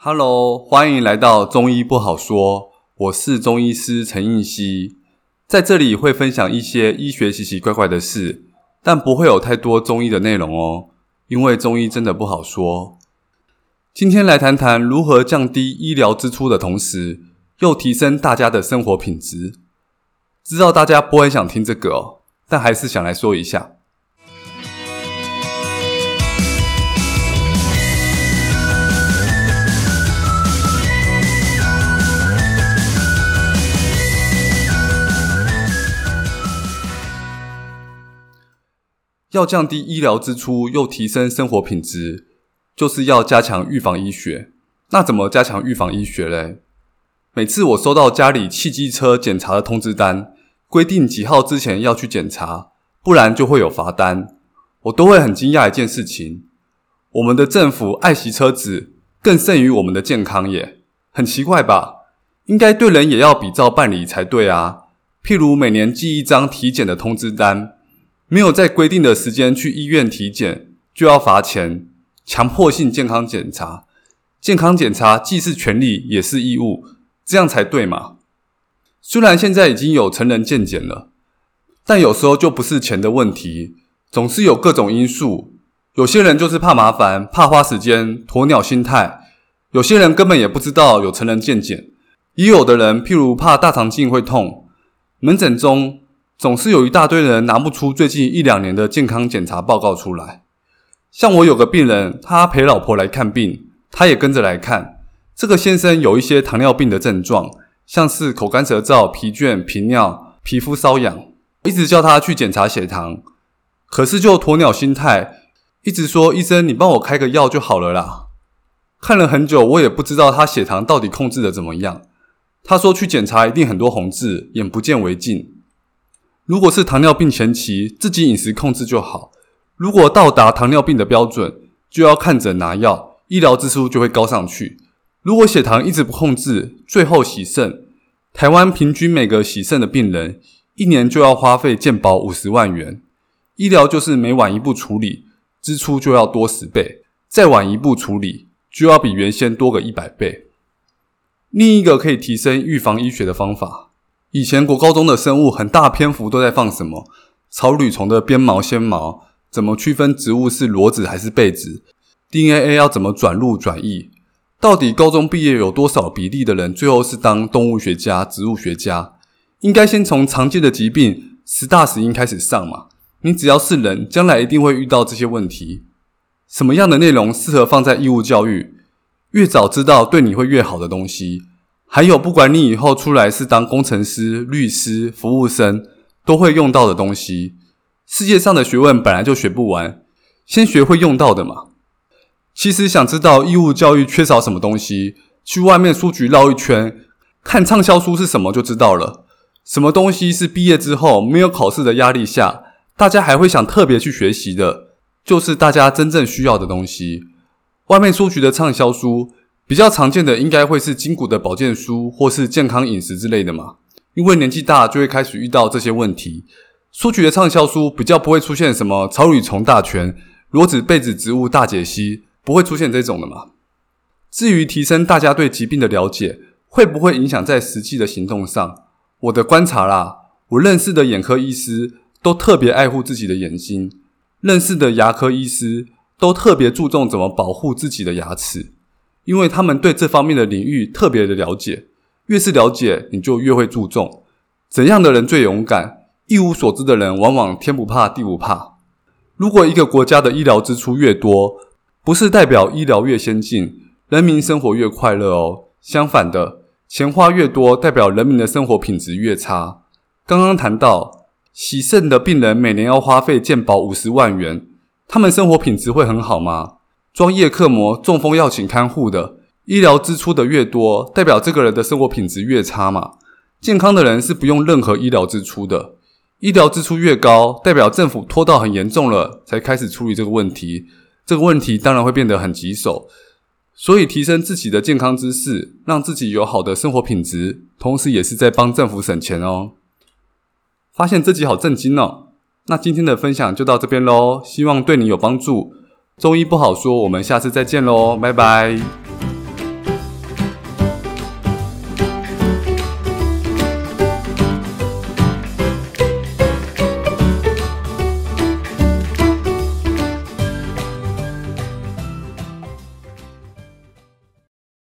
哈嘍，歡迎來到中醫不好說。我是中醫師陳映希，在這裡會分享一些醫學奇奇怪怪的事，但不會有太多中醫的內容哦，因為中醫真的不好說。今天來談談如何降低醫療支出的同時，又提升大家的生活品質。知道大家不會想聽這個哦，但還是想來說一下。要降低醫療支出，又提升生活品質，就是要加強預防醫學。那怎麼加強預防醫學嘞？每次我收到家裡汽機車檢查的通知單，規定幾號之前要去檢查，不然就會有罰單。我都會很驚訝一件事情：我們的政府愛惜車子，更勝於我們的健康耶，很奇怪吧？應該對人也要比照辦理才對啊。譬如每年寄一張體檢的通知單。沒有在規定的時間去醫院體檢，就要罰錢。強迫性健康檢查，健康檢查既是權利也是義務，這樣才對嘛。雖然現在已經有成人健檢了，但有時候就不是錢的問題，總是有各種因素。有些人就是怕麻煩、怕花時間，鴕鳥心態；有些人根本也不知道有成人健檢，也有的人譬如怕大腸鏡會痛，門診中。總是有一大堆人拿不出最近一兩年的健康檢查報告出來。像我有個病人，他陪老婆來看病，他也跟着來看。這個先生有一些糖尿病的症狀，像是口乾舌燥、疲倦、頻尿、皮膚瘙癢，一直叫他去檢查血糖。可是就鴕鳥心態，一直說醫生，你幫我開個藥就好了啦。看了很久，我也不知道他血糖到底控制得怎麼樣。他說去檢查一定很多紅字，眼不見為淨。如果是糖尿病前期，自己飲食控制就好；如果到達糖尿病的標準，就要看診拿藥，醫療支出就會高上去。如果血糖一直不控制，最後洗腎，台灣平均每個洗腎的病人一年就要花費健保五十萬元。醫療就是每晚一步處理，支出就要多十倍；再晚一步處理，就要比原先多個一百倍。另一個可以提升預防醫學的方法。以前國高中的生物很大篇幅都在放什麼，草履蟲的鞭毛纖毛？怎麼區分植物是裸子還是被子？DNA 要怎麼轉錄轉譯？到底高中畢業有多少比例的人最後是當動物學家、植物學家？應該先從常見的疾病，十大死因開始上嘛？你只要是人，將來一定會遇到這些問題。什麼樣的內容適合放在義務教育？越早知道，對你會越好的東西。還有，不管你以後出來是當工程師、律師、服務生，都會用到的東西。世界上的學問本來就學不完，先學會用到的嘛。其實想知道義務教育缺少什麼東西，去外面書局繞一圈，看暢銷書是什麼就知道了。什麼東西是畢業之後沒有考試的壓力下，大家還會想特別去學習的，就是大家真正需要的東西。外面書局的暢銷書。比較常見的應該會是筋骨的保健書，或是健康飲食之類的嘛。因為年紀大，就會開始遇到這些問題。書局的暢銷書比較不會出現什麼《草履蟲大全》《裸子被子植物大解析》，不會出現這種的嘛。至於提升大家對疾病的了解，會不會影響在實際的行動上？我的觀察啦，我認識的眼科醫師都特別愛護自己的眼睛，認識的牙科醫師都特別注重怎麼保護自己的牙齒。因為他們對這方面的領域特別的了解，越是了解，你就越會注重怎樣的人最勇敢。一無所知的人，往往天不怕地不怕。如果一個國家的醫療支出越多，不是代表醫療越先進，人民生活越快樂哦。相反的，錢花越多，代表人民的生活品質越差。剛剛談到洗腎的病人每年要花費健保五十萬元，他們生活品質會很好嗎？裝葉克膜、中風要請看護的，醫療支出的越多，代表這個人的生活品質越差嘛。健康的人是不用任何醫療支出的，醫療支出越高，代表政府拖到很嚴重了，才開始處理這個問題，這個問題當然會變得很棘手。所以提升自己的健康知識，讓自己有好的生活品質，同時也是在幫政府省錢哦。發現這集好震驚哦。那今天的分享就到這邊嘍，希望對你有幫助。中醫不好說，我們下次再見嘍，拜拜。